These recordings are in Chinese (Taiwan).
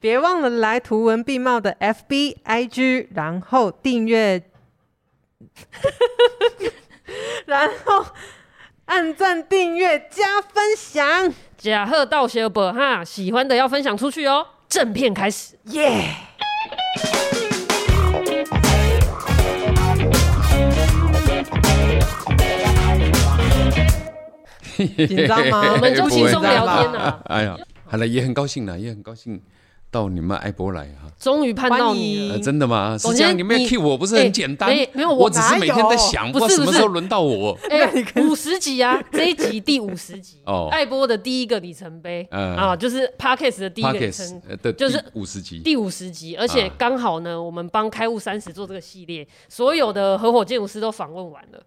別忘了來圖文並茂的 FB、IG，然後訂閱， 然後按讚、訂閱、加分享。賈賀道希爾哈，喜歡的要分享出去哦。正片開始，耶！緊張嗎？ 我們就輕鬆聊天呢、啊。哎呀， 好了，也很高興呢，也很高興。到你們艾波來啊！終於盼到你，真的嗎？是這樣，你沒有 cue 我，不是很簡單，沒有，我只是每天在想，不知道什麼時候輪到我？哎，五十集啊，這一集第五十集，艾波的第一個里程碑啊，就是 Podcast 的第一個里程碑，對，就是五十集，第五十集，而且剛好呢，我們幫開務三十做這個系列，所有的合夥建築師都訪問完了。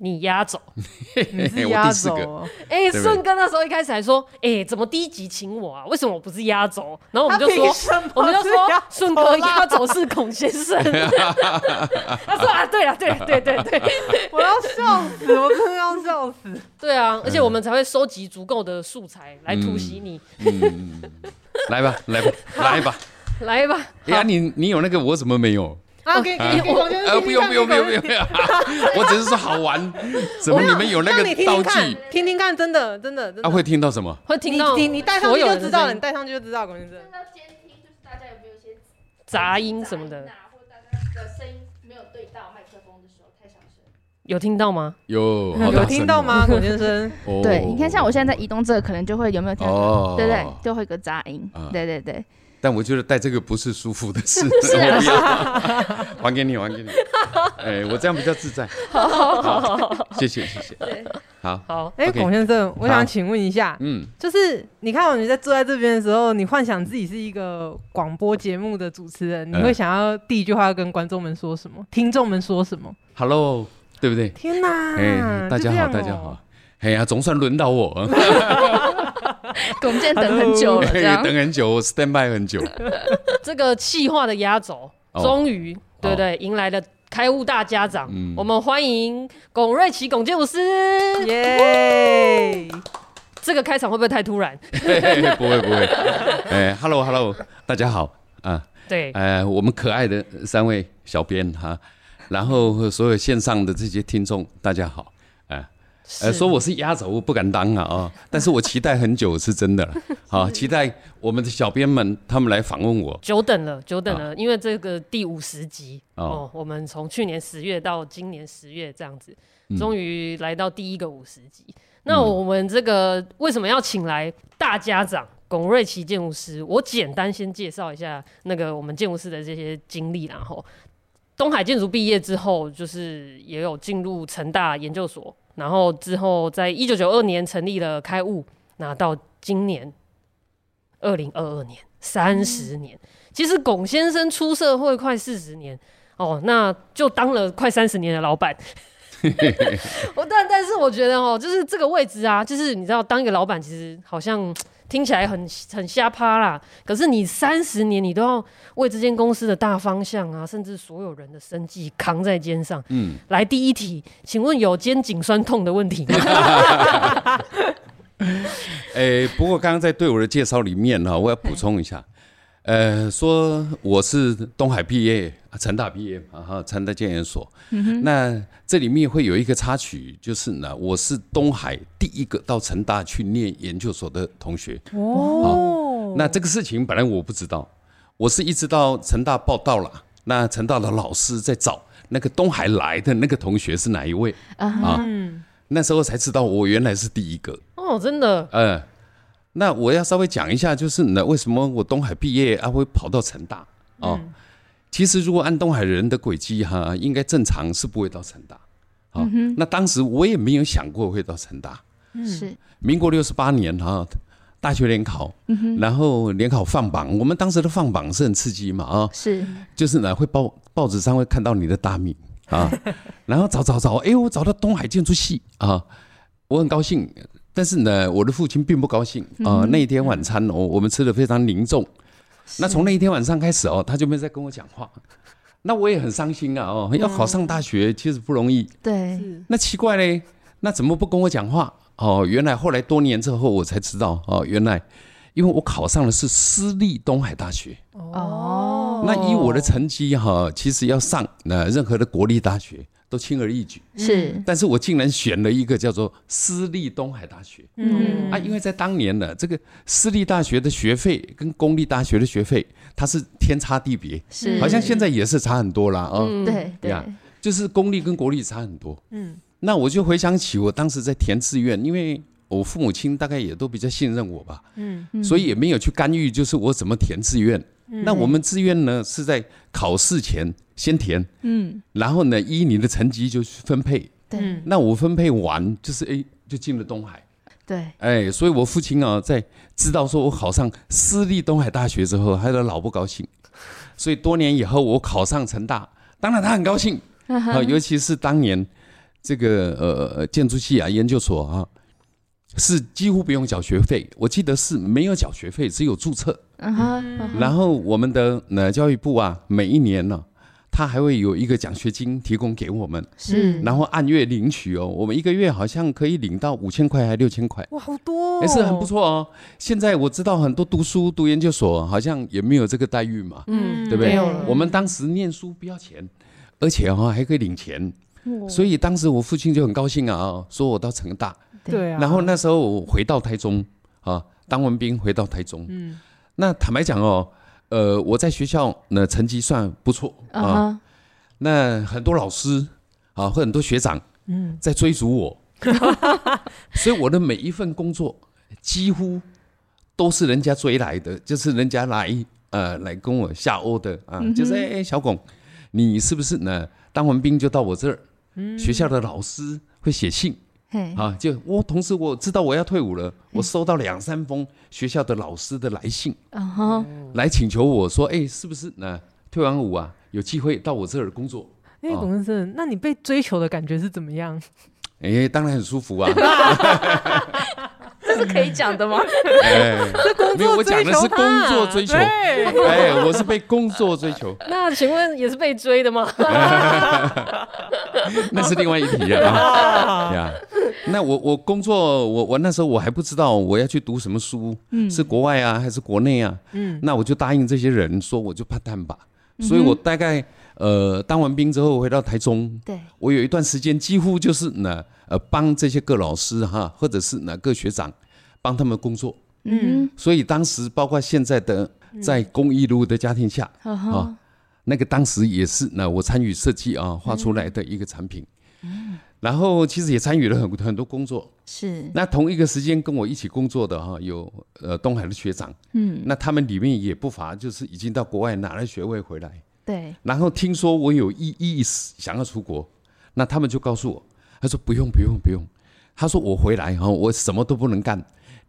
你壓軸， 你是壓軸。哎、 欸，順、欸、哥那時候一開始還說，哎、欸，怎麼第一集請我啊？為什麼我不是壓軸？然後我們就說，我們就說，順哥壓軸是孔先生。 他說啊，對啊，對對對對，我要笑死， 我真的要笑死。對啊，而且我們才會收集足夠的素材來突襲你、嗯嗯。來吧，來吧，來吧， 啊、來吧。哎呀、欸啊，你你有那個，我怎麼沒有？我給你，我呃不用不用不用我只是說好玩。怎麼你們有，那個道具？聽聽看，真的真的真的。他會聽到什麼？會聽到聽，你你戴上去就知道了，你戴上去就知道。龔先生。聽監聽就是大家有沒有一些雜音什麼的？有聽到嗎？有。有聽到嗎，龔先生？對，你看像我現在在移動，這個可能就會有沒有聽到？對對，就會有個雜音。對對對。但我覺得戴這個不是舒服的事，什麼還給你，還給你。哎，我這樣比較自在。好好好，謝謝謝謝。好好。哎，龔先生，我想請問一下，嗯，就是你看到你在坐在這邊的時候，你幻想自己是一個廣播節目的主持人，你會想要第一句話要跟觀眾們說什麼？聽眾們說什麼？Hello，對不對？天哪！大家好，大家好。哎呀，總算輪到我。龔建等很久了，等很久，我 stand by 很久。這個企劃的壓軸，終於對對，迎來了開務大家長。我們歡迎龔瑞琦、龔建築師，耶！這個開場會不會太突然？不會不會。哎，hello hello，大家好啊。對，我們可愛的三位小編哈，然後所有線上的這些聽眾，大家好。是啊、呃，說我是壓軸不敢當啊啊、哦！但是我期待很久是真的好 是、啊哦、期待我們的小編們他們來訪問我。久等了，久等了，啊、因為這個第五十集哦，哦，我們從去年十月到今年十月這樣子，終於來到第一個五十集。嗯、那我們這個為什麼要請來大家長龔、嗯、瑞琦建築師？我簡單先介紹一下那個我們建築師的這些經歷，然後東海建築畢業之後，就是也有進入成大研究所。然後之後，在一九九二年成立了開務，那到今年二零二二年三十年，30年嗯、其實龔先生出社會快四十年哦，那就當了快三十年的老闆。我 但但是我覺得哦，就是這個位置啊，就是你知道，當一個老闆其實好像。聽起來很很瞎趴啦，可是你三十年你都要為這間公司的大方向啊，甚至所有人的生計扛在肩上。嗯，來第一題，請問有肩頸酸痛的問題嗎？誒、 欸，不過剛剛在對我的介紹裡面呢，我要補充一下。呃，說我是東海畢業，成大畢業，然、啊、後成大建研所。嗯、哼那這裡面會有一個插曲，就是呢，我是東海第一個到成大去念研究所的同學。哦、啊，那這個事情本來我不知道，我是一直到成大報到了，那成大的老師在找那個東海來的那個同學是哪一位、嗯、啊？那時候才知道我原來是第一個。哦，真的。嗯、啊。那我要稍微講一下，就是呢，為什麼我東海畢業啊會跑到成大啊？其實如果按東海人的軌跡哈，應該正常是不會到成大。啊，那當時我也沒有想過會到成大。嗯，是。民國六十八年哈，大學聯考，然後聯考放榜，我們當時的放榜是很刺激嘛啊。是。就是呢，會報報紙上會看到你的大名啊，然後找找找，哎，我找到東海建築系啊，我很高興。但是呢，我的父親並不高興啊，嗯呃。那一天晚餐，嗯、哦，我們吃的非常凝重。是那從那一天晚上開始哦，他就沒再跟我講話。 那我也很傷心啊，哦，要考上大學，嗯、其實不容易。對，那奇怪嘞，那怎麼不跟我講話？哦，原來後來多年之後我才知道哦，原來。因為我考上的是私立東海大學，哦，oh. 那以我的成績哈，其實要上任何的國立大學都輕而易舉，是。但是我竟然選了一個叫做私立東海大學，嗯、mm hmm. 啊，因為在當年呢，這個私立大學的學費跟公立大學的學費，它是天差地別，是，好像現在也是差很多啦。啊、哦，對對、mm，hmm. yeah, 就是公立跟國立差很多，嗯、mm。Hmm. 那我就回想起我當時在填志願，因為。我父母親大概也都比較信任我吧，嗯，所以也沒有去干預，就是我怎麼填志願。那我們志願呢是在考試前先填，嗯，然後呢依你的成績就去分配，對。那我分配完就是誒，就進了東海，對。哎，所以我父親啊在知道說我考上私立東海大學之後，他都老不高興。所以多年以後我考上成大，當然他很高興，啊，尤其是當年這個呃呃建築系啊研究所啊。是幾乎不用繳學費，我記得是沒有繳學費，只有注冊。然後我們的那教育部啊，每一年呢，他還會有一個獎學金提供給我們，是，然後按月領取哦，我們一個月好像可以領到五千塊還六千塊。哇，好多！也是很不錯哦。現在我知道很多讀書讀研究所好像也沒有這個待遇嘛，嗯，對不對？我們當時念書不要錢，而且哈還可以領錢，所以當時我父親就很高興啊，說我到成大。對啊、然後那時候我回到台中啊，當完兵回到台中，嗯、那坦白講哦，呃，我在學校呢成績算不錯啊，哈啊，那很多老師啊或很多學長嗯在追逐我，嗯、 所以我的每一份工作幾乎都是人家追來的，就是人家來呃來跟我下 offer 的啊，就是哎、嗯哼欸、小龔，你是不是呢？當完兵就到我這兒，嗯、學校的老師會寫信。好，Hey. 啊，就我同時我知道我要退伍了，Hey. 我收到兩三封學校的老師的來信，uh huh. 來請求我說，哎、欸，是不是呢、呃？退完伍啊，有機會到我這兒工作。哎，龔先生，那你被追求的感覺是怎麼樣？哎、欸，當然很舒服啊。 是可以講的嗎？是工作沒有，我講的是工作追求。哎、啊欸，我是被工作追求。那請問也是被追的嗎？ 那是另外一題了啊、Yeah. 那我我工作，我我那時候我還不知道我要去讀什麼書，嗯、是國外啊還是國內啊？嗯，那我就答應這些人說，我就怕蛋吧。嗯、所以我大概呃當完兵之後回到台中，對。我有一段時間幾乎就是呢呃幫、呃、這些個老師哈，或者是哪個、呃、學長。幫他們工作，嗯，所以當時包括現在的在公益路的家庭下啊，那個當時也是，那我參與設計啊畫出來的一個產品，嗯，然後其實也參與了很很多工作，是那同一個時間跟我一起工作的哈，有呃東海的學長，嗯，那他們裡面也不乏就是已經到國外拿了學位回來，對，然後聽說我有意意思想要出國，那他們就告訴我，他說不用不用不用，他說我回來哈，我什麼都不能幹。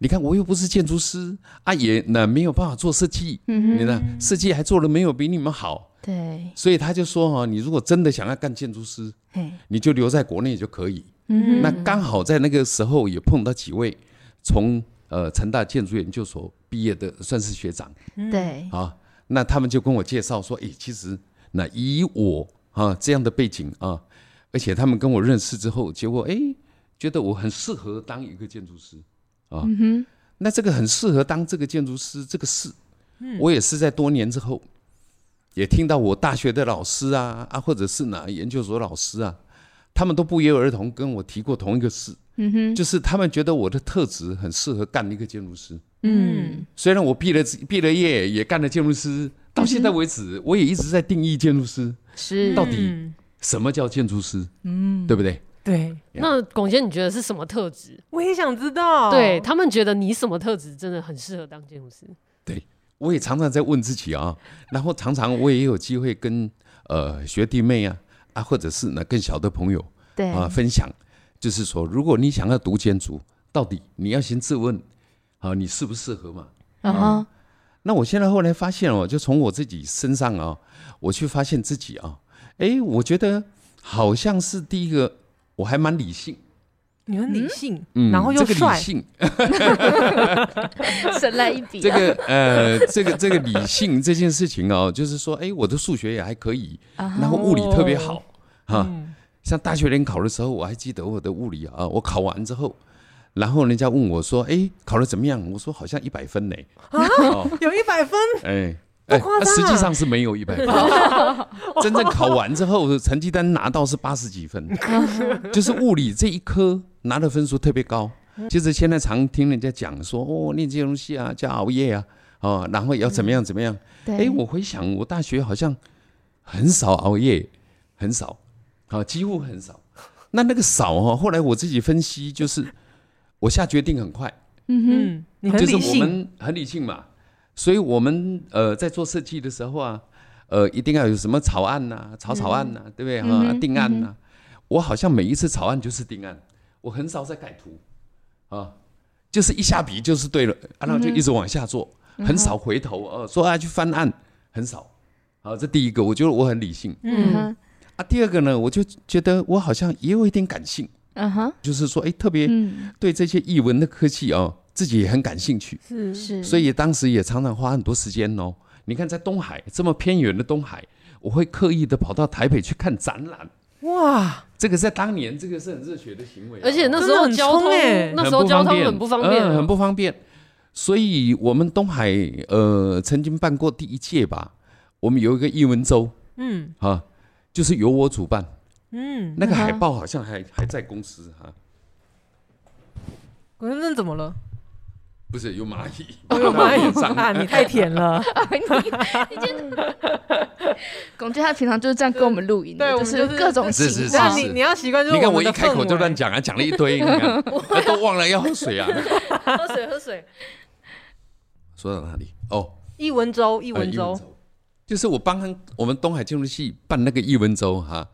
你看，我又不是建築師啊也，也那沒有辦法做設計，嗯、哼你呢？設計還做得沒有比你們好，對，所以他就說哈、啊，你如果真的想要幹建築師，嘿你就留在國內就可以。嗯、哼那剛好在那個時候也碰到幾位從呃成大建築研究所畢業的，算是學長，對，啊，那他們就跟我介紹說，誒、欸，其實那以我啊這樣的背景啊，而且他們跟我認識之後，結果誒、欸，覺得我很適合當一個建築師。啊，uh huh. 那這個很適合當這個建築師這個事，uh huh. 我也是在多年之後，也聽到我大學的老師啊啊，或者是哪研究所老師啊，他們都不約而同跟我提過同一個事，嗯哼、uh，huh. 就是他們覺得我的特質很適合幹一個建築師，嗯、uh，huh. 雖然我畢了畢了業也幹了建築師，uh huh. 到現在為止，我也一直在定義建築師是、uh huh. 到底什麼叫建築師，嗯、uh，huh. 對不對？對，Yeah. 那龔杰，你覺得是什麼特質？我也想知道。對，他們覺得你什麼特質真的很適合當建築師？對，我也常常在問自己啊、哦，然後常常我也有機會跟呃學弟妹啊啊，或者是那更小的朋友啊對啊分享，就是說，如果你想要讀建築，到底你要先自問啊，你適不適合嘛？啊哈。Uh huh. 那我現在後來發現哦，就從我自己身上啊、哦，我去發現自己啊、哦，哎、欸，我覺得好像是第一個。我還蠻理性，嗯、理性，你很理性，然後又帥，神來一筆這個 一、啊，這個、呃，這個這個理性這件事情哦，就是說，哎、欸，我的數學也還可以，然後物理特別好哈。Uh huh. 嗯、像大學聯考的時候，我還記得我的物理啊，我考完之後，然後人家問我說，哎、欸，考的怎麼樣？我說好像一百分呢，有一百分，欸哎，那、啊、實際上是沒有一百分，真 正，正考完之後，的成績單拿到是八十幾分， 就是物理這一科拿的分數特別高。就是 現在常聽人家講說，哦，念這些東西啊，叫熬夜啊，哦，然後要怎麼樣怎麼樣。哎對，我回想，我大學好像很少熬夜，很少，啊、哦，幾乎很少。那那個少哦，後來我自己分析就是，我下決定很快。嗯哼，你很理性。就是我們很理性嘛。所以，我們呃在做設計的時候啊，呃一定要有什麼草案吶、啊啊 mm、草草案吶，對不對哈？定案吶、啊 mm，hmm. 我好像每一次草案就是定案，我很少在改圖啊，就是一下筆就是對了、啊，然後就一直往下做、mm，hmm. 很少回頭呃、啊 mm hmm. 說要去翻案，很少。好，這第一個，我覺得我很理性、mm。嗯、hmm. 啊，第二個呢，我就覺得我好像也有一點感性、mm。嗯哼，就是說哎、欸，特別對這些藝文的科技啊。自己也很感興趣，是是，是，所以當時也常常花很多時間哦。你看，在東海這麼偏遠的東海，我會刻意的跑到台北去看展覽。哇，這個在當年，這個是很熱血的行為、啊，而且那時候很交通，那時候交通很不方便，很不方便，嗯、很不方便。所以，我們東海呃，曾經辦過第一屆吧，我們有一個藝文周，嗯，哈、啊，就是由我主辦，嗯，那個海報好像還嗎還在公司哈。國、啊、珍，那怎麼了？不是有螞蟻，有螞蟻長大，你太甜了你，哈哈哈哈哈。鞏杰他平常就是這樣跟我們錄音對就是各種，是是是，你你要習慣。你看我一開口就亂講啊，講了一堆，都忘了要喝水啊，喝水喝水。說到哪裡？哦，藝文週，藝文週，就是我幫我們東海建築系辦那個藝文週哈，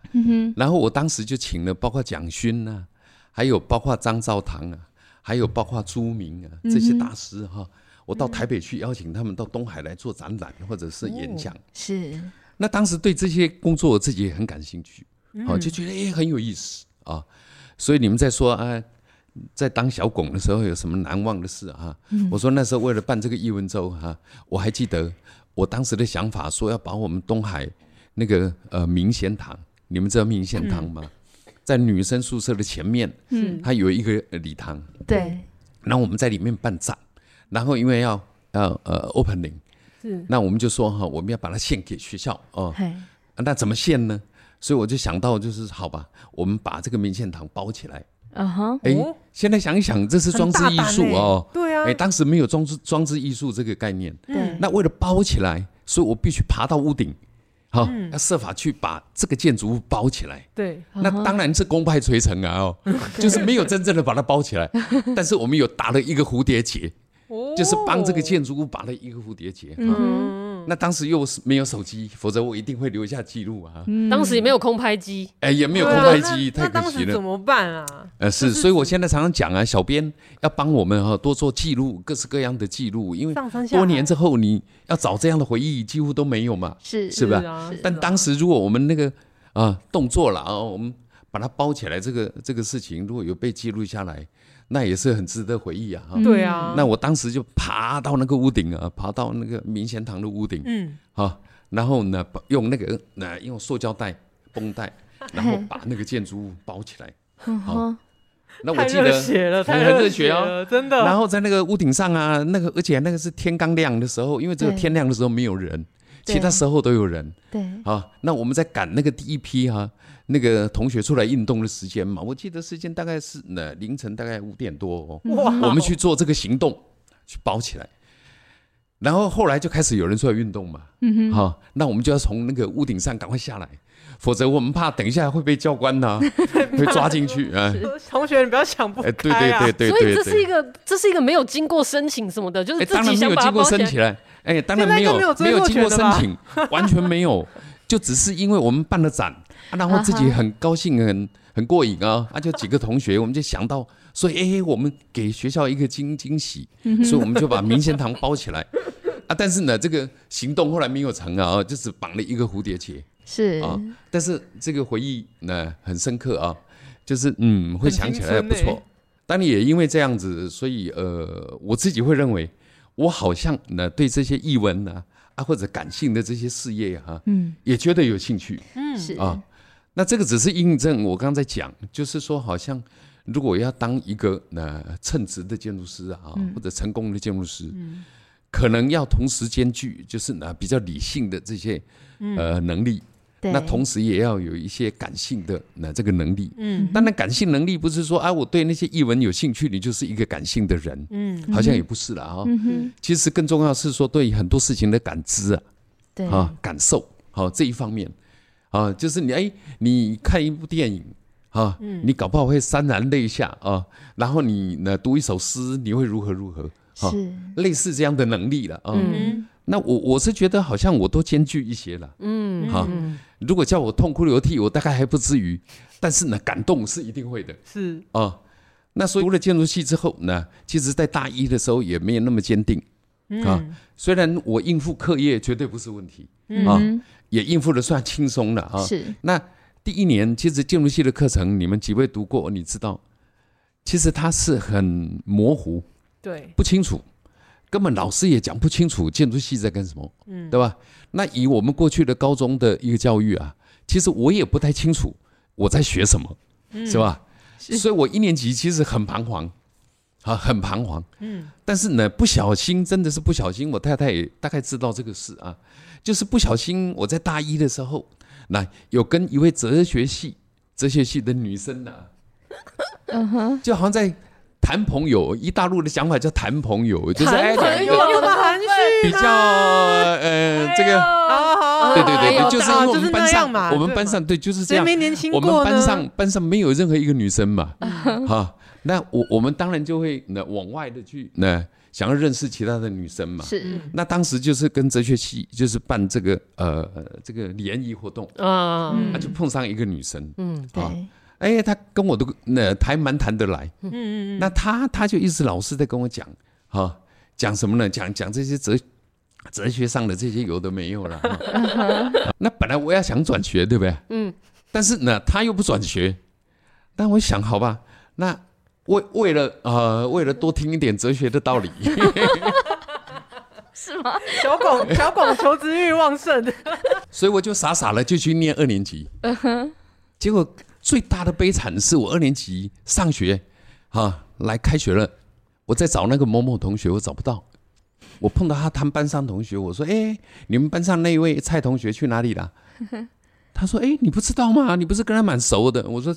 然後我當時就請了，包括蔣勳啊，還有包括張照堂啊。還有包括朱銘啊這些大師哈、啊，嗯、哼我到台北去邀請他們到東海來做展覽或者是演講。哦、是，那當時對這些工作我自己也很感興趣，好、嗯哦、就覺得、欸、很有意思啊、哦。所以你們在說啊，在當小龔的時候有什麼難忘的事啊？嗯、我說那時候為了辦這個藝文週哈、啊，我還記得我當時的想法，說要把我們東海那個呃明賢堂，你們知道明賢堂嗎？嗯在女生宿舍的前面，嗯，它有一個禮堂，對，然後我們在裡面辦展，然後因為要要呃 opening，是，那我們就說哈，我們要把它獻給學校哦，哎，那怎麼獻呢？所以我就想到就是，好吧，我們把這個銘賢堂包起來，啊，哈，誒，現在想一想，這是裝置藝術哦，對啊，誒，當時沒有裝置裝置藝術這個概念，對，那為了包起來，所以我必須爬到屋頂。好、哦，要設法去把這個建築物包起來。對，那當然是功敗垂成啊！哦， 就是沒有真正的把它包起來，但是我們有打了一個蝴蝶結，哦、就是幫這個建築物打了一個蝴蝶結。嗯哼嗯那當時又是沒有手機，否則我一定會留下記錄啊。嗯、當時也沒有空拍機，哎、欸，也沒有空拍機，啊、太可惜了。那怎麼辦啊？呃，是，是所以我現在常常講啊，小編要幫我們哈多做記錄，各式各樣的記錄，因為多年之後你要找這樣的回憶幾乎都沒有嘛，是吧是不、啊、是、啊？但當時如果我們那個啊、呃、動作了啊、呃，我們把它包起來，這個這個事情如果有被記錄下來。那也是很值得回憶啊！對啊、嗯，那我當時就爬到那個屋頂啊，爬到那個銘賢堂的屋頂，嗯，好、啊，然後呢，用那個那用塑膠袋繃帶，然後把那個建築物包起來，好，那我記得很，很熱血哦，血真的。然後在那個屋頂上啊，那個而且那個是天剛亮的時候，因為只有天亮的時候沒有人。對啊、其他時候都有人，對、啊，啊，那我們在趕那個第一批哈、啊，那個同學出來運動的時間嘛，我記得時間大概是呢凌晨大概五點多哦，哇 Wow，我們去做這個行動，去包起來，然後後來就開始有人出來運動嘛，嗯哼，好、啊，那我們就要從那個屋頂上趕快下來，否則我們怕等一下會被教官啊 會抓進去啊， 同學你不要想不開、啊欸，對對對對對，對，對，所以這是一個這是一個沒有經過申請什麼的，就是自己、欸、當然沒有經過把包起來。哎，當然沒有，沒有，沒有經過申請，完全沒有， 就只是因為我們辦了展，啊、然後自己很高興，很很過癮啊、哦！啊，就幾個同學， 我們就想到說，所以哎，我們給學校一個驚驚喜，所以我們就把銘賢堂包起來 啊！但是呢，這個行動後來沒有成啊，就是綁了一個蝴蝶結，是啊。但是這個回憶呢，很深刻啊，就是嗯，會想起來不錯。當然、欸、也因為這樣子，所以呃，我自己會認為。我好像呢，對這些藝文呢、啊，啊，或者感性的這些事業哈、啊，嗯，也覺得有興趣，嗯，是啊，那這個只是印證我剛才講，就是說好像如果要當一個呃稱職的建築師啊，或者成功的建築師，嗯、可能要同時兼具，就是呢比較理性的這些、嗯、呃能力。那同時也要有一些感性的，那這個能力。嗯，當然感性能力不是說啊，我對那些藝文有興趣，你就是一個感性的人。嗯，好像也不是啦。哈。其實更重要是說，對很多事情的感知啊，啊，感受好這一方面啊，就是你哎、欸，你看一部電影啊，你搞不好會潸然淚下啊。然後你呢，讀一首詩，你會如何如何？是類似這樣的能力了啊。那我我是覺得好像我都兼具一些了，嗯，哈、啊，嗯、如果叫我痛哭流涕，我大概還不至於，但是呢，感動是一定會的，是啊。那所以讀了建築系之後呢，其實，在大一的時候也沒有那麼堅定，嗯、啊，雖然我應付課業絕對不是問題，嗯、啊，也應付的算輕鬆了，啊，是。那第一年其實建築系的課程，你們幾位讀過，你知道，其實它是很模糊，對，不清楚。根本老師也講不清楚建築系在幹什麼，嗯、對吧？那以我們過去的高中的一個教育啊，其實我也不太清楚我在學什麼，嗯、是吧？是，所以，我一年級其實很彷徨，啊，很彷徨。嗯，但是呢，不小心真的是不小心。我太太也大概知道這個事啊，就是不小心我在大一的時候，那有跟一位哲學系哲學系的女生呢、啊，就好像在。談朋友，一大陸的想法叫談朋友，就是哎，比較，呃，這個，對對對就是因為我們班上，嘛，我們班上對就是這樣，我們班上班上沒有任何一個女生嘛，哈，那我我們當然就會那往外的去那想要認識其他的女生嘛，是，那當時就是跟哲學系就是辦這個呃這個聯誼活動啊，那就碰上一個女生，嗯，啊哎，欸、他跟我都那還蠻談得來。嗯嗯,嗯那他他就一直老是在跟我講，哈，講什麼呢？講講這些哲哲學上的這些，有的沒有了。嗯嗯嗯嗯、那本來我要想轉學，對不對？嗯,嗯。嗯、但是呢，他又不轉學。但我想，好吧，那為為了呃，為了多聽一點哲學的道理 是嗎？ 小龔，小龔，求知欲旺盛 。所以我就傻傻的，就去念二年級。嗯哼。結果。最大的悲慘的是，我二年級上學，哈、啊，來開學了，我在找那個某某同學，我找不到，我碰到他，他們班上同學，我說，哎、欸，你們班上那位蔡同學去哪裡了？ 他說，哎、欸，你不知道嗎？你不是跟他蠻熟的？我說，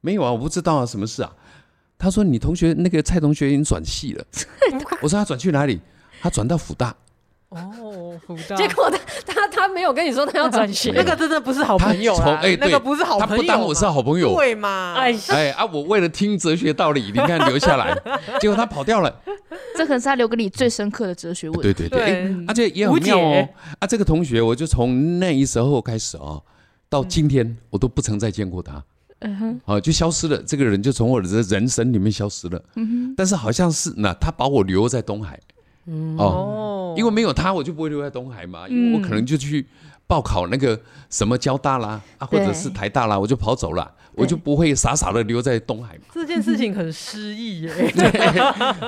沒有啊，我不知道啊，什麼事啊？他說，你同學那個蔡同學已經轉系了， 我說他轉去哪裡？他轉到輔大，哦，輔大，結果他他沒有跟你說他要轉學，那個真的不是好朋友啊！欸、對那個不是好朋友，他不當我是好朋友，對嘛？哎、欸、啊！我為了聽哲學道理，你看留下來， 結果他跑掉了。這可能是他留給你最深刻的哲學問題，對對對，欸嗯啊、而且也很妙哦。解啊，這個同學，我就從那一時候開始啊、哦，到今天我都不曾再見過他，嗯哼，啊，就消失了。這個人就從我的人生裡面消失了，嗯哼。但是好像是那、嗯啊、他把我留在東海。哦，哦，因為沒有他，我就不會留在東海嘛，嗯、因為我可能就去報考那個什麼交大啦，對啊，或者是台大啦，我就跑走了，對我就不會傻傻的留在東海嘛。這件事情很失意耶，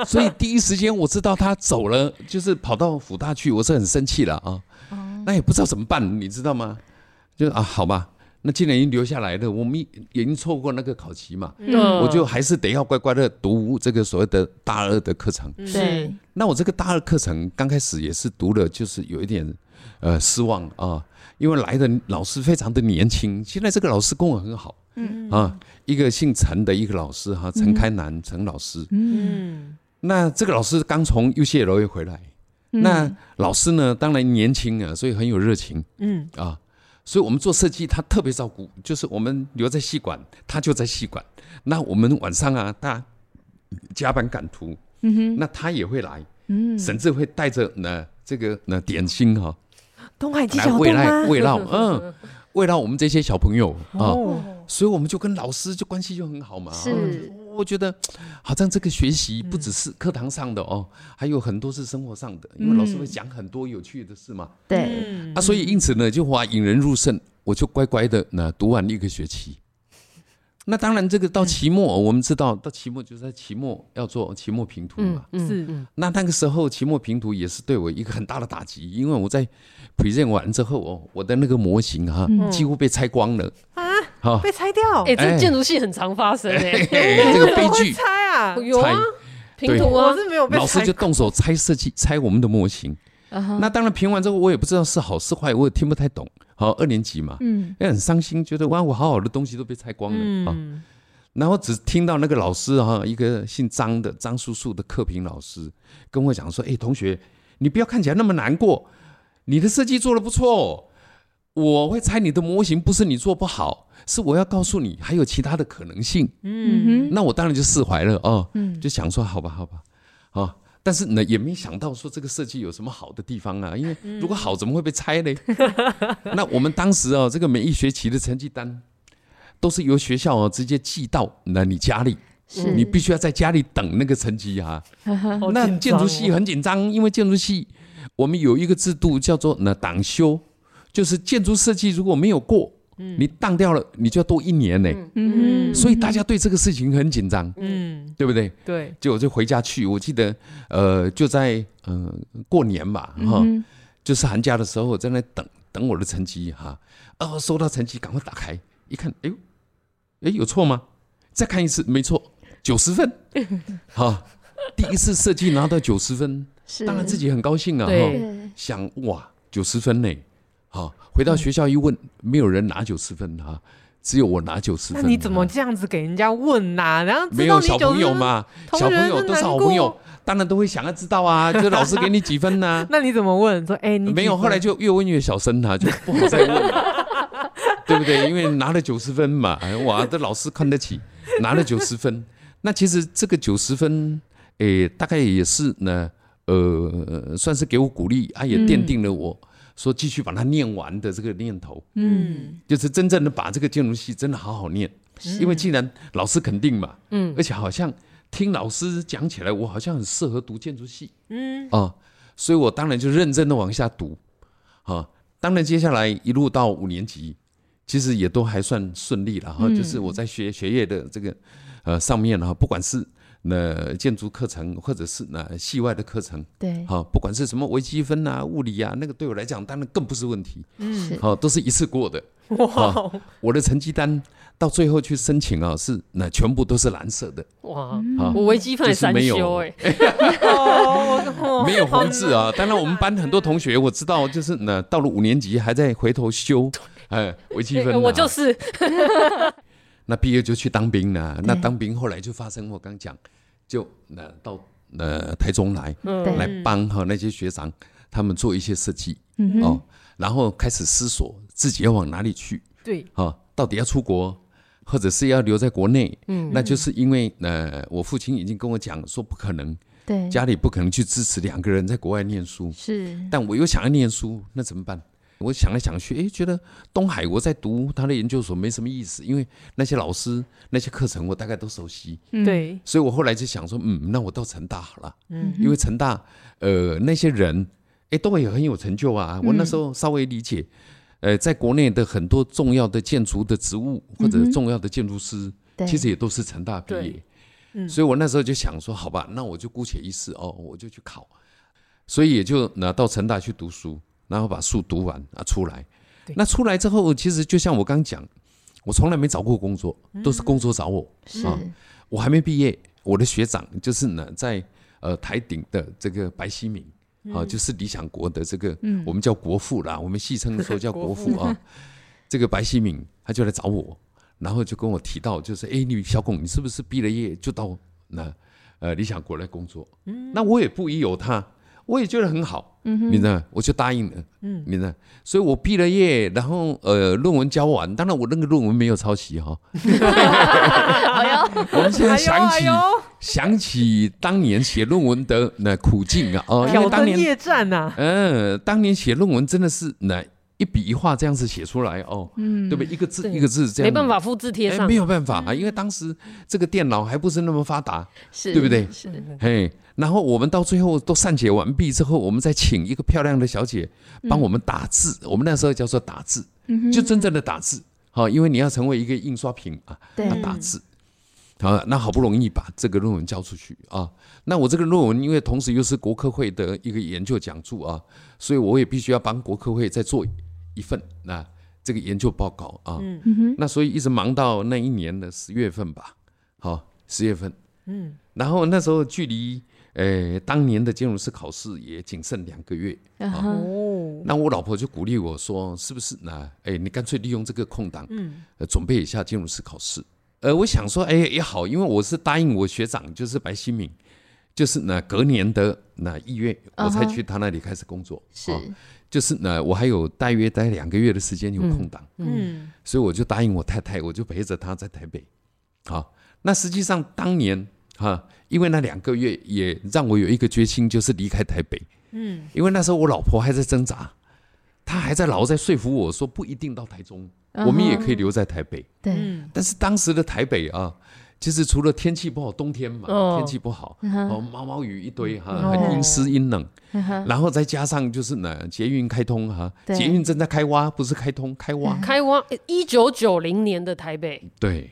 所以第一時間我知道他走了，就是跑到輔大去，我是很生氣了啊，哦嗯、那也不知道怎麼辦，你知道嗎？就啊，好吧。那既然已經留下來了，我們也已經錯過那個考期嘛，嗯、我就還是得要乖乖的讀這個所謂的大二的課程。是。那我這個大二課程剛開始也是讀了，就是有一點呃失望啊，因為來的老師非常的年輕。現在這個老師跟我很好，嗯，啊，一個姓陳的一個老師哈，陳開南、嗯、陳老師。嗯。那這個老師剛從 UCL 回來，那老師呢，當然年輕啊，所以很有熱情、啊。嗯。啊。所以我們做設計，他特別照顧，就是我們留在系館，他就在系館。那我們晚上啊，他加班趕圖，那他也會來，甚至會帶着呢這個呢點心哈、哦，啊嗯、東海雞爪凍嗎？慰勞，嗯，慰勞我們這些小朋友啊、哦。哦所以我們就跟老師就關係就很好嘛是，嗯、我覺得好像這個學習不只是課堂上的哦，嗯、還有很多是生活上的，因為老師會講很多有趣的事嘛，對、嗯，嗯、啊，所以因此呢，就話引人入勝，我就乖乖的那讀完一個學期。那當然，這個到期末，我們知道到期末就是在期末要做期末評圖嘛、嗯。是，嗯、那那個時候期末評圖也是對我一個很大的打擊，因為我在，present 完之後哦，我的那個模型哈幾乎被拆光了、嗯、啊，好被拆掉，哎、欸，這個建築系很常發生、欸，欸欸、這個悲劇，拆啊，猜有啊，評圖啊對、哦、是沒有被，老師就動手拆設計，拆我們的模型。Uh huh. 那當然，評完之後，我也不知道是好是壞，我也聽不太懂。好，二年級嘛，也、嗯、很傷心，覺得哇，我好好的東西都被拆光了啊。嗯、然後只聽到那個老師哈，一個姓張的張叔叔的課評老師跟我講說：“哎、欸，同學，你不要看起來那麼難過，你的設計做得不錯，我會拆你的模型，不是你做不好，是我要告訴你還有其他的可能性。”嗯哼，那我當然就釋懷了哦，就想說好吧，好吧，嗯、好。’但是呢，也沒想到說這個設計有什麼好的地方啊？因為如果好，怎麼會被拆呢？嗯、那我們當時哦，這個每一學期的成績單都是由學校哦直接寄到那你家裡，你必須要在家裡等那個成績哈。那建築系很緊張，因為建築系我們有一個制度叫做那擋修，就是建築設計如果沒有過。你當掉了，你就要多一年呢、欸。嗯，所以大家對這個事情很緊張。嗯，對不對？對就，就我就回家去。我記得，呃，就在嗯、呃、過年吧，哈、嗯，就是寒假的時候，在那等等我的成績哈、啊啊。收到成績，趕快打開，一看，哎、欸、呦、欸，有錯嗎？再看一次，沒錯，九十分。好、啊， 第一次設計拿到九十分，是當然自己很高興啊。對 想哇，九十分呢、欸。好，回到學校一問，沒有人拿九十分啊，只有我拿九十分。那你怎麼這樣子給人家問吶？然後沒有小朋友嘛，小朋友都是好朋友，當然都會想要知道啊。就老師給你幾分吶。那你怎麼問？說哎，你沒有。後來就越問越小聲哈，就不好再問了，對不對？因為拿了九十分嘛，哇，這老師看得起，拿了九十分。那其實這個九十分，哎，大概也是呢，呃，算是給我鼓勵啊，也奠定了我。嗯說繼續把它念完的這個念頭，嗯，就是真正的把這個建築系真的好好念，因為既然老師肯定嘛，嗯，而且好像聽老師講起來，我好像很適合讀建築系，嗯啊，所以我當然就認真的往下讀，啊，當然接下來一路到五年級，其實也都還算順利了哈，就是我在學學業的這個呃上面哈，不管是。那建築課程，或者是那系外的課程，對，好，不管是什麼微積分啊、物理啊，那個對我來講，當然更不是問題，嗯，好，都是一次過的，哇，我的成績單到最後去申請啊，是那全部都是藍色的，哇，我微積分是沒有，沒有紅字啊，當然我們班很多同學我知道，就是那到了五年級還在回頭修，哎，微積分，我就是。那畢業就去當兵了，對那當兵後來就發生我剛講，就呃到呃台中來，嗯、來幫和、呃、那些學長他們做一些設計，嗯、哼哦，然後開始思索自己要往哪裡去，對，哦，到底要出國，或者是要留在國內，嗯，那就是因為呃我父親已經跟我講說不可能，對，家裡不可能去支持兩個人在國外念書，是，但我又想要念書，那怎麼辦？我想來想去，哎，覺得東海我在讀他的研究所沒什麼意思，因為那些老師那些課程我大概都熟悉，對、嗯，所以我後來就想說，嗯，那我到成大好了，嗯哼，因為成大，呃，那些人，哎，都會也很有成就啊。嗯、我那時候稍微理解，呃，在國內的很多重要的建築的職務或者重要的建築師，嗯、哼其實也都是成大畢業，嗯，所以我那時候就想說，好吧，那我就姑且一試哦，我就去考，所以也就拿到成大去讀書。然後把書讀完啊，出來，對那出來之後，其實就像我剛講，我從來沒找過工作，都是工作找我、嗯、啊。是我還沒畢業，我的學長就是呢，在呃台鼎的這個白西明、嗯、啊，就是理想國的這個，嗯、我們叫國父啦，我們戲稱的時候叫國父, 國父啊。這個白西明他就來找我，然後就跟我提到，就是哎，你小龔，你是不是畢了業就到那呃,呃理想國來工作？嗯、那我也不疑有他。我也覺得很好，嗯哼，你知道？我就答應了，嗯，你知道，所以我畢了業，然後呃，論文交完，當然我那個論文沒有抄襲哈、哦。好呀，我們現在想起哎呦哎呦想起當年寫論文的那苦境啊，哦，挑燈夜戰吶、啊。嗯，當年寫論文真的是難。一筆一畫這樣子寫出來哦，嗯，對不對？一個字一個字這樣，沒辦法複製貼上，沒有辦法啊，因為當時這個電腦還不是那麼發達，是，對不對？是，嘿，然後我們到最後都繕寫完畢之後，我們再請一個漂亮的小姐幫我們打字，我們那時候叫做打字，就真正的打字，好，因為你要成為一個印刷品啊，對，打字，好，那好不容易把這個論文交出去啊，那我這個論文因為同時又是國科會的一個研究講座啊，所以我也必須要幫國科會再做。一份，那這個研究報告啊，嗯、那所以一直忙到那一年的十月份吧，好，十月份，嗯，然後那時候距離，呃，當年的建築師考試也僅剩兩個月，啊哈啊、哦，那我老婆就鼓勵我說，是不是呢？哎、呃，你乾脆利用這個空檔，嗯、呃，準備一下建築師考試，呃，我想說，哎，也好，因為我是答應我學長，就是白新敏，就是那隔年的那一月，嗯、我才去他那裡開始工作，啊哈啊、是。就是呢，我還有大約待兩個月的時間有空檔，嗯，嗯所以我就答應我太太，我就陪着她在台北。好、啊，那實際上當年哈、啊，因為那兩個月也讓我有一個決心，就是離開台北。嗯，因為那時候我老婆還在掙扎，她還在老在說服我說不一定到台中，uh huh、我們也可以留在台北。對，嗯、但是當時的台北啊。其實除了天氣不好，冬天嘛，天氣不好，毛毛、oh, uh huh. 雨一堆哈，uh huh. 很陰濕陰冷，uh huh. 然後再加上就是呢，捷運開通哈，uh huh. 捷運正在開挖，不是開通，開挖。開挖、uh，一九九零年的台北。對，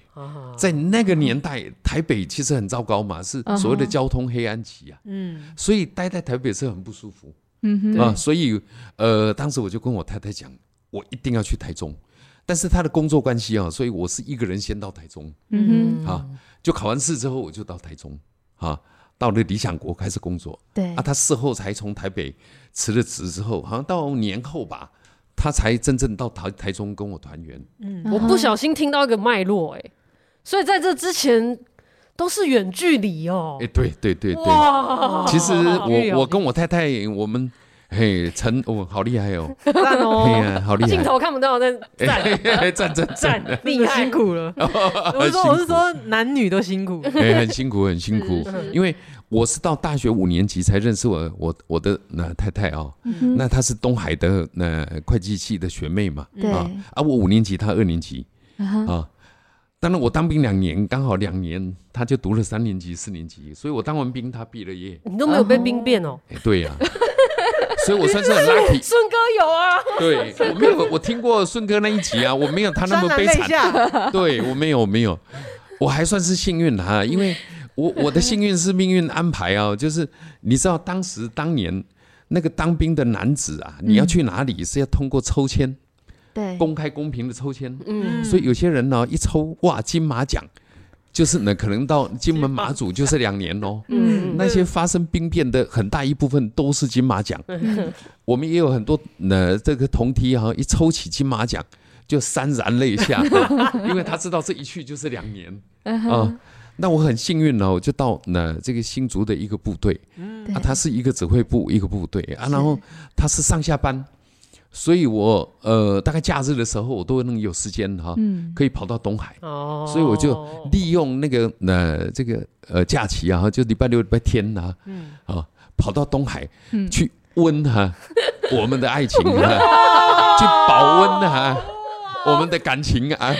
在那個年代，uh huh. 台北其實很糟糕嘛，是所謂的交通黑暗期啊。Uh huh. 所以待在台北是很不舒服。Uh huh. 啊，所以呃，當時我就跟我太太講，我一定要去台中。但是他的工作關係啊，所以我是一個人先到台中，嗯哼，啊，就考完試之後我就到台中，啊，到了理想國開始工作，對，啊，他事後才從台北辭了職之後，好像到年後吧，他才真正到台台中跟我團圓。嗯，我不小心聽到一個脈絡，哎，所以在這之前都是遠距離哦。哎，對對對對，對對哇其實我我跟我太太我們。嘿，陳哦，好厲害哦！好厲害！鏡頭看不到，但讚讚讚真命太苦了。我是說，我是說，男女都辛苦。哎，很辛苦，很辛苦。因為我是到大學五年級才認識我我我的那太太哦，那她是東海的那會計系的學妹嘛。啊，啊，我五年級，她二年級啊。當然，我當兵兩年，剛好兩年，她就讀了三年級、四年級，所以我當完兵，她畢了業。你都沒有被兵變哦？對呀。所以我算，算是 lucky。順哥有啊。對，對我沒有，我聽過順哥那一集啊，我沒有他那麼悲慘。對我沒有我沒有，我還算是幸運哈、啊，因為我我的幸運是命運安排啊，就是你知道當時，當年那個當兵的男子啊，你要去哪裡是要通過抽籤，對，公開公平的抽籤。嗯，所以有些人呢一抽哇金馬獎。就是呢，可能到金門馬祖就是兩年哦。嗯、那些發生兵變的很大一部分都是金馬獎。對我們也有很多呢，這個同梯哈、啊，一抽起金馬獎就潸然淚下、 啊，因為他知道這一去就是兩年 啊。那我很幸運哦，就到呢這個新竹的一個部隊，對啊，他是一個指揮部一個部隊啊，然後他是，是上下班。所以，我呃，大概假日的時候，我都能有時間哈，可以跑到東海。所以我就利用那個呃，這個呃假期啊，就禮拜六、禮拜天吶。嗯。啊、啊，跑到東海去溫哈、啊、我們的愛情、啊，去保溫哈、啊、我們的感情啊。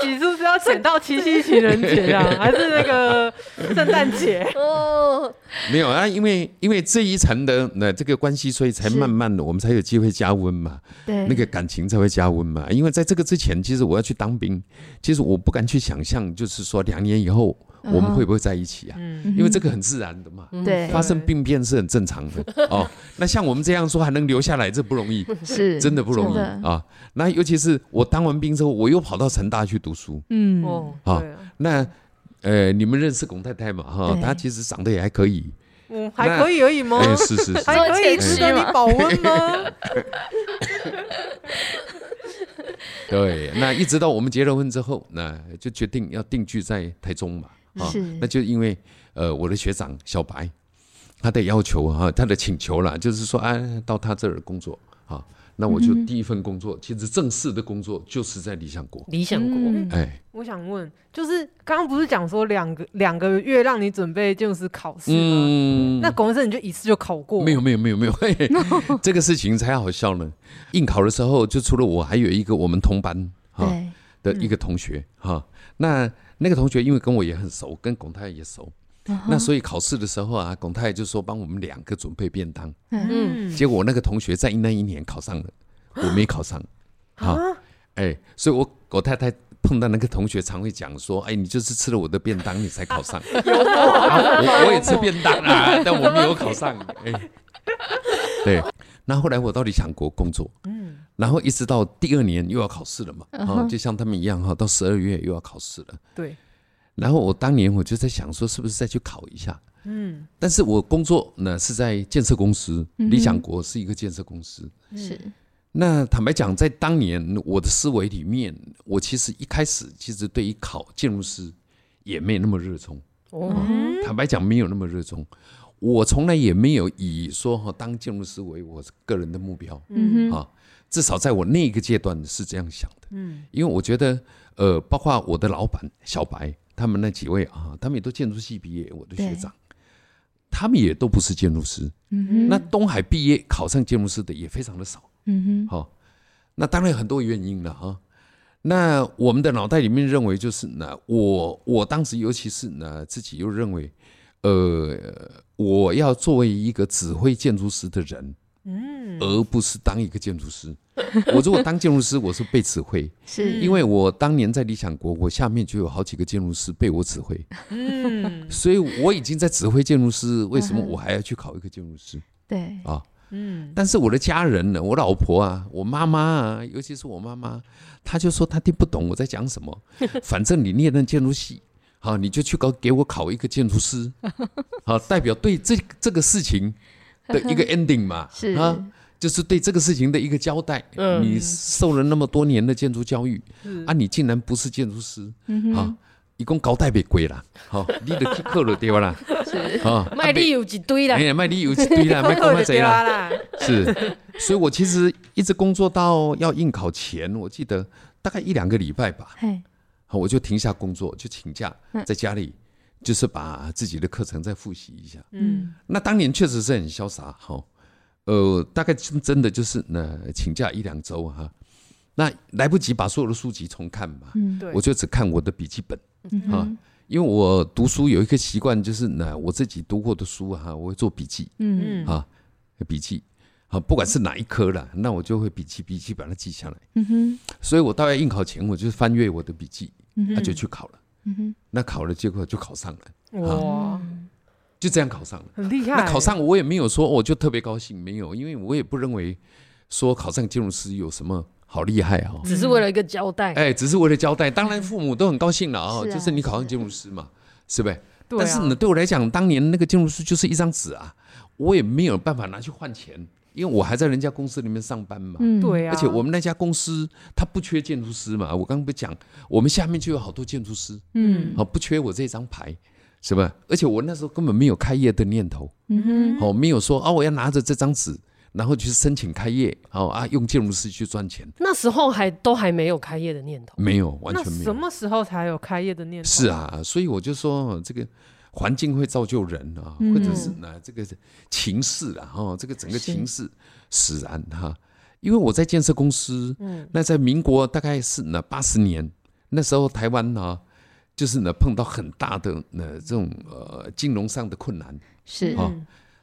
幾處是，是要等到七夕情人節啊， 還是那個聖誕節？ 哦，沒有啊，因為因為這一層的那這個關係，所以才慢慢的，我們才有機會加溫嘛，是那個感情才會加溫嘛。對因為在這個之前，其實我要去當兵，其實我不敢去想象，就是說兩年以後。我們會不會在一起啊？因為這個很自然的嘛，發生病變是很正常的哦。那像我們這樣說還能留下來，這不容易，是真的不容易啊、哦。那尤其是我當完兵之後，我又跑到成大去讀書，嗯哦那呃，你們認識龔太太嘛？哈，她其實長得也還可以，嗯，還可以而已嗎？是是，還可以吃你保溫嗎？ 對，那一直到我們結了婚之後，那就決定要定居在台中嘛。是、哦，那就因為呃，我的學長小白，他的要求啊，他的請求啦，就是說啊，到他這兒工作啊、哦，那我就第一份工作，嗯、其實正式的工作就是在理想國。理想國，嗯、哎，我想問，就是剛剛不是講說兩個兩個月讓你準備就是考試嗎？嗯、那龔醫生，你就一次就考過？沒有沒有沒有沒有，這個事情才好笑呢。應考的時候，就除了我，還有一個我們同班哈、哦、對的一個同學哈。嗯哦那那個同學因為跟我也很熟，跟龔太太也熟，uh huh. 那所以考試的時候啊，龔太太就說幫我們兩個準備便當。嗯嗯。結果我那個同學在那一年考上了，我沒考上。哎蛤、啊欸，所以我我太太碰到那個同學，常會講說：“哎、欸，你就是吃了我的便當，你才考上。 啊”我我也吃便當啊，但我沒有考上。哎、欸，對，那後，後來我到底想過工作？嗯。然後一直到第二年又要考試了嘛，uh huh. 啊，就像他們一樣哈，到十二月又要考試了。對。然後我當年我就在想說，是不是再去考一下？嗯。但是我工作呢是在建設公司，嗯、哼理想國是一個建設公司。是、嗯。那坦白講，在當年我的思維裡面，我其實一開始其實對於考建築師也沒那麼熱衷。哦、嗯哼嗯。坦白講，沒有那麼熱衷。我從來也沒有以說哈當建築師為我個人的目標。嗯哼。啊至少在我那一個階段是這樣想的，嗯，因為我覺得，呃，包括我的老板小白，他們那幾位啊，他們也都建築系畢業，我的學長，他們也都不是建築師，嗯哼，那東海畢業考上建築師的也非常的少，嗯哼，好，那當然很多原因了哈、哦，那我們的腦袋裡面認為就是呢，我我當時尤其是呢自己又認為，呃，我要作為一個指揮建築師的人。嗯，而不是當一個建築師。我如果當建築師，我是被指揮，是因為我當年在理想國，我下面就有好幾個建築師被我指揮。嗯，所以我已經在指揮建築師，為什麼我還要去考一個建築師？對，啊，嗯。但是我的家人呢？我老婆啊，我媽媽啊，尤其是我媽媽，她就說她聽不懂我在講什麼。反正你念那建築系，好，你就去搞，給我考一個建築師，好，代表對這這個事情。的一個 ending 嘛，是啊，就是對這個事情的一個交代。你受了那麼多年的建築教育，啊，你竟然不是建築師，啊，一共高大不貴了，好，你就去考了對吧啦？是，好，賣旅有一堆啦，哎呀，賣旅有一堆啦，賣夠那儕啦，是，所以我其實一直工作到要應考前，我記得大概一兩個禮拜吧，好，我就停下工作，就請假在家裡。就是把自己的課程再複習一下，嗯，那當年確實是很瀟灑，好。呃，大概真的就是那、呃、請假一兩周哈，那來不及把所有的書籍重看嘛，嗯，對，我就只看我的筆記本，嗯、哼啊，因為我讀書有一個習慣，就是那、呃、我自己讀過的書哈、啊，我會做筆記，嗯嗯哼，啊，筆記，啊，不管是哪一科了，嗯、哼那我就會筆記筆記把它記下來，嗯哼，所以我大概應考前我就翻閱我的筆記，那、嗯哼啊、就去考了。嗯哼，那考了結果就考上了，哇、啊，就這樣考上了，很厲害。那考上我也沒有說我、哦、就特別高興，沒有，因為我也不認為說考上建築師有什麼好厲害哈、哦，只是為了一個交代，哎、嗯欸，只是為了交代。當然父母都很高興了、哦嗯、啊，就是你考上建築師嘛，是唄。但是呢，對我來講，當年那個建築師就是一張紙啊，我也沒有辦法拿去換錢。因為我還在人家公司裡面上班嘛，嗯，對呀。而且我們那家公司它不缺建築師嘛，我剛剛不講，我們下面就有好多建築師，嗯，好，不缺我這張牌，是吧？而且我那時候根本沒有開業的念頭，嗯哼，好，沒有說啊，我要拿着這張紙，然後去申請開業，好啊，用建築師去賺錢。那時候還都還沒有開業的念頭，沒有，完全沒有。什麼時候才有開業的念頭？是啊，所以我就說這個。環境會造就人啊，或者是呢，這個情勢啊，哈、嗯，這個整個情勢使然哈。是因為我在建設公司，嗯、那在民國大概是呢八十年，那時候台灣呢，就是呢碰到很大的呢這種呃金融上的困難，是啊。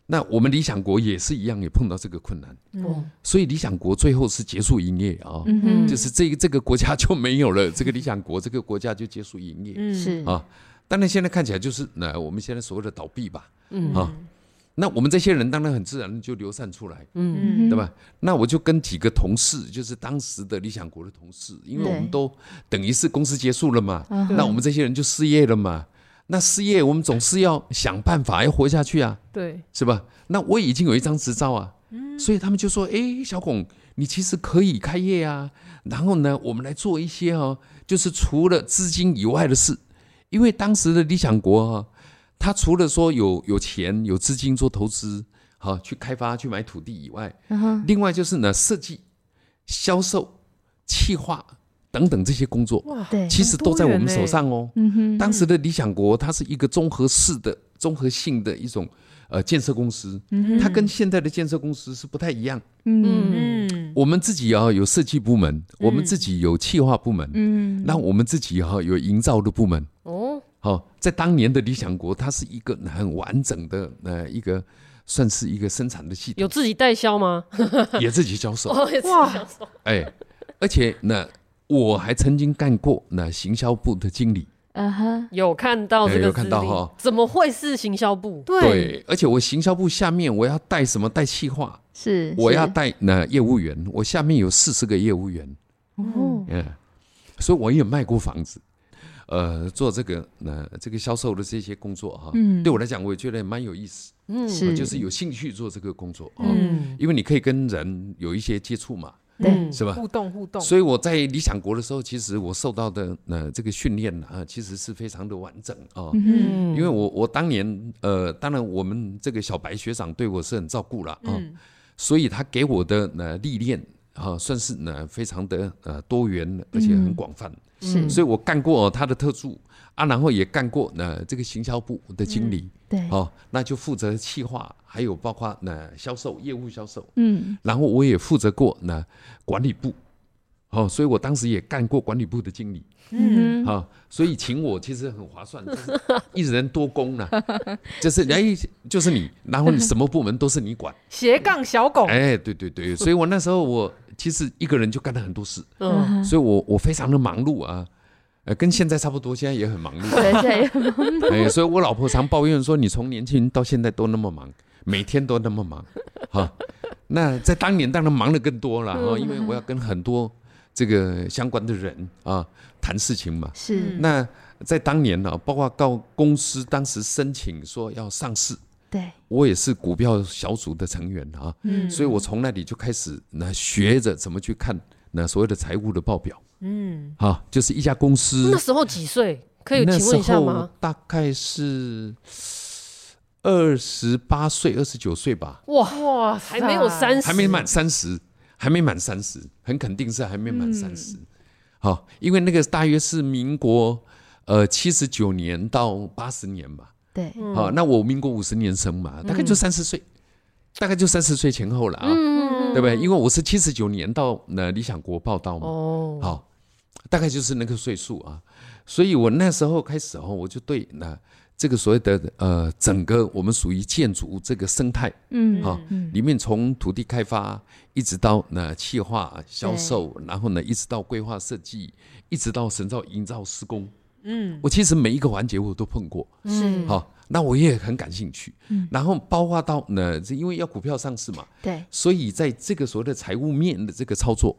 那我們理想國也是一樣，也碰到這個困難，嗯、所以理想國最後是結束營業啊，嗯、哼就是這個這個國家就沒有了，這個理想國這個國家就結束營業，是、嗯嗯、啊。當然，但現在看起來就是那我們現在所謂的倒閉吧，嗯，嗯，嗯啊，那我們這些人當然很自然就流散出來，嗯嗯，嗯，對吧？那我就跟幾個同事，就是當時的理想國的同事，因為我們都等於是公司結束了嘛，對那我們這些人就失業了嘛。對那失業我們總是要想辦法要活下去啊，對，是吧？那我已經有一張執照啊，嗯，所以他們就說：“哎、欸，小龔，你其實可以開業啊。”然後呢，我們來做一些哦，就是除了資金以外的事。因為當時的理想國哈，它除了說有有錢有資金做投資，哈，去開發去買土地以外，另外就是呢設計、銷售、企劃等等這些工作，其實都在我們手上哦。當時的理想國它是一個綜合式的綜合性的一種。呃，建設公司，嗯、哼它跟現在的建設公司是不太一樣。嗯，我們自己啊有設計部門，嗯、我們自己有企劃部門。嗯，那我們自己哈有營造的部門。哦，好，在當年的理想國，它是一個很完整的呃一個，算是一個生產的系統。有自己代銷嗎？ 也自己銷售。也自己教授哇，哎、 欸，而且那我還曾經幹過那行銷部的經理。嗯哼，uh huh. 有看到這個、欸，有看到、哦、怎麼會是行銷部？對，對，而且我行銷部下面我要帶什麼？帶企劃？是，我要帶那是業務員，我下面有四十個業務員。嗯、哦，嗯，yeah, 所以我也賣過房子，呃，做這個那、呃、這個銷售的這些工作哈，嗯、對我來講，我也覺得蠻有意思。嗯，是、呃，就是有興趣做這個工作啊，呃嗯、因為你可以跟人有一些接觸嘛。對，是吧？互動互動。所以我在理想國的時候，其實我受到的呃這個訓練啊、呃，其實是非常的完整啊。哦、嗯哼。因為我我當年呃，當然我們這個小白學長對我是很照顧了啊，哦嗯、所以他給我的呢、呃、歷練啊、呃，算是呢、呃、非常的呃多元，而且很廣泛。嗯、是。所以我幹過他的特助。啊，然後也幹過那、呃、這個行銷部的經理，嗯、對，哦，那就負責企劃，還有包括那、呃、銷售、業務銷售，嗯，然後我也負責過、呃、管理部，哦，所以我當時也幹過管理部的經理，嗯哼，好、哦，所以請我其實很划算， 一人多工呢、啊， 就是、欸、就是你，然後你什麼部門都是你管，斜槓小工，哎，對對對，所以我那時候我其實一個人就幹了很多事，嗯， 所以我我非常的忙碌啊。呃，跟現在差不多，現在也很忙碌，現在也很忙碌、 欸。所以我老婆常抱怨說，你從年輕人到現在都那麼忙，每天都那麼忙。哈，那在當年當然忙得更多了哈，因為我要跟很多這個相關的人啊談事情嘛。是。那在當年呢、啊，包括到公司當時申請說要上市，對，我也是股票小組的成員啊。嗯。所以我從那裡就開始那學着怎麼去看那所有的財務的報表。嗯，好，就是一家公司。那時候幾歲？可以請問一下嗎？那時候大概是二十八歲、二十九歲吧。哇，還沒有三十，還沒滿三十，還沒滿三十，很肯定是還沒滿三十。嗯、好，因為那個大約是民國呃七十九年到八十年吧。對，好，那我民國五十年生嘛，大概就三十歲，嗯、大概就三十歲前後了啊。嗯。對不對？因為我是七十九年到那理想國報到嘛，哦，好，大概就是那個歲數啊，所以我那時候開始哦，我就對那這個所謂的呃，整個我們屬於建築物這個生態，嗯，哈，裡面從土地開發一直到那企劃銷售，嗯、然後呢，一直到規劃設計，對一直到神造營造施工，嗯，我其實每一個環節我都碰過，嗯是，好。那我也很感興趣，嗯，然後包括到呢，因為要股票上市嘛，對，所以在這個所謂的財務面的這個操作，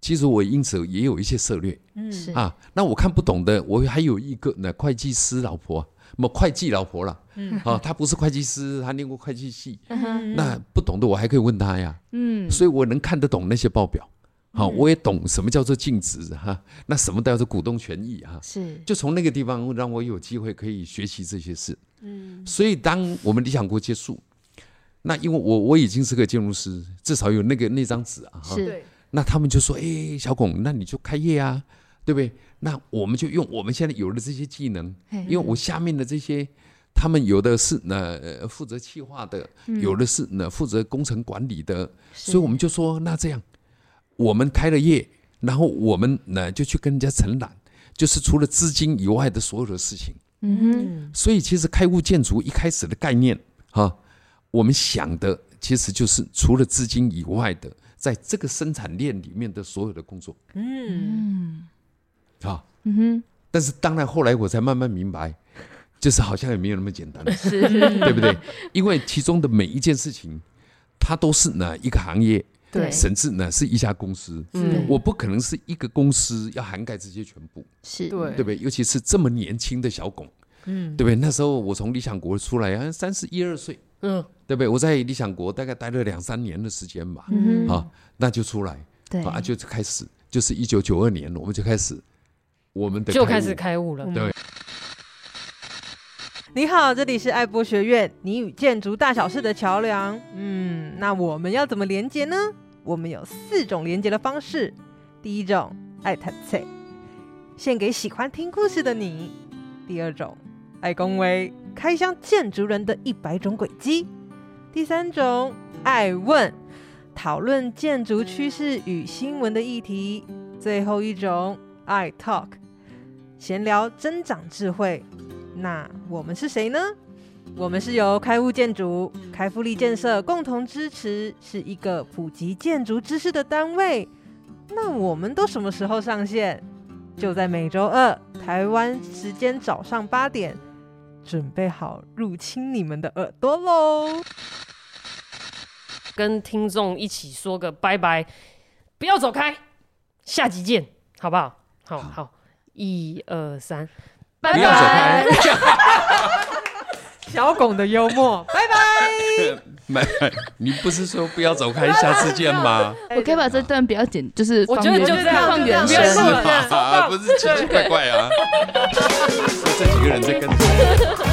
其實我因此也有一些策略，嗯，是啊，那我看不懂的，我還有一個呢會計師老婆，麼會計老婆了，嗯，啊，她不是會計師，她念過會計系，嗯、那不懂的我還可以問她呀，嗯，所以我能看得懂那些報表，好、啊，嗯、我也懂什麼叫做淨值哈，那什麼叫做股東權益哈，啊、是，就從那個地方讓我有機會可以學習這些事。嗯，所以當我們理想國結束，那因為我我已經是個建築師，至少有那個那張紙啊，是對。那他們就說：“誒、欸，小龔，那你就開業啊，對不對？”那我們就用我們現在有的這些技能，嘿嘿因為我下面的這些，他們有的是呃負責企劃的，有的是呢呃、負責工程管理的，嗯、所以我們就說，那這樣我們開了業，然後我們呢、呃、就去跟人家承攬，就是除了資金以外的所有的事情。嗯哼，mm hmm. 所以其實開務建築一開始的概念，哈，我們想的其實就是除了資金以外的，在這個生產鏈裡面的所有的工作。嗯，啊，嗯哼。但是當然後來我才慢慢明白，就是好像也沒有那麼簡單，對不對？因為其中的每一件事情，它都是哪一個行業。對，甚至呢是一家公司，是我不可能是一個公司要涵蓋這些全部，是對，對不對？尤其是這麼年輕的小龔，嗯，對不對？那時候我從理想國出來好像三十一二歲，嗯、對不對？我在理想國大概待了兩三年的時間吧，嗯、哼那就出來對、啊，就開始，就是一九九二年，我們就開始，我們的就開始開務了，對。嗯你好，這裡是艾波學院，你與建築大小事的橋梁。嗯，那我們要怎麼連接呢？我們有四種連接的方式：第一種，艾探菜，獻給喜歡聽故事的你；第二種，艾工威，開箱建築人的一百種軌跡；第三種，艾問，討論建築趨勢與新聞的議題；最後一種，艾 talk，閒聊增長智慧。那我們是誰呢？我們是由開務建築、開富力建設共同支持，是一個普及建築知識的單位。那我們都什麼時候上線？就在每周二台灣時間早上八點，準備好入侵你們的耳朵嘍！跟聽眾一起說個拜拜，不要走開，下集見，好不好？好好，一二三。不要走開，小龔的幽默，拜拜，拜拜。你不是說不要走開，下次見嗎？我可以把這段不要剪，就是我覺得就這樣，不要過不是奇奇怪怪啊。這幾個人在跟著。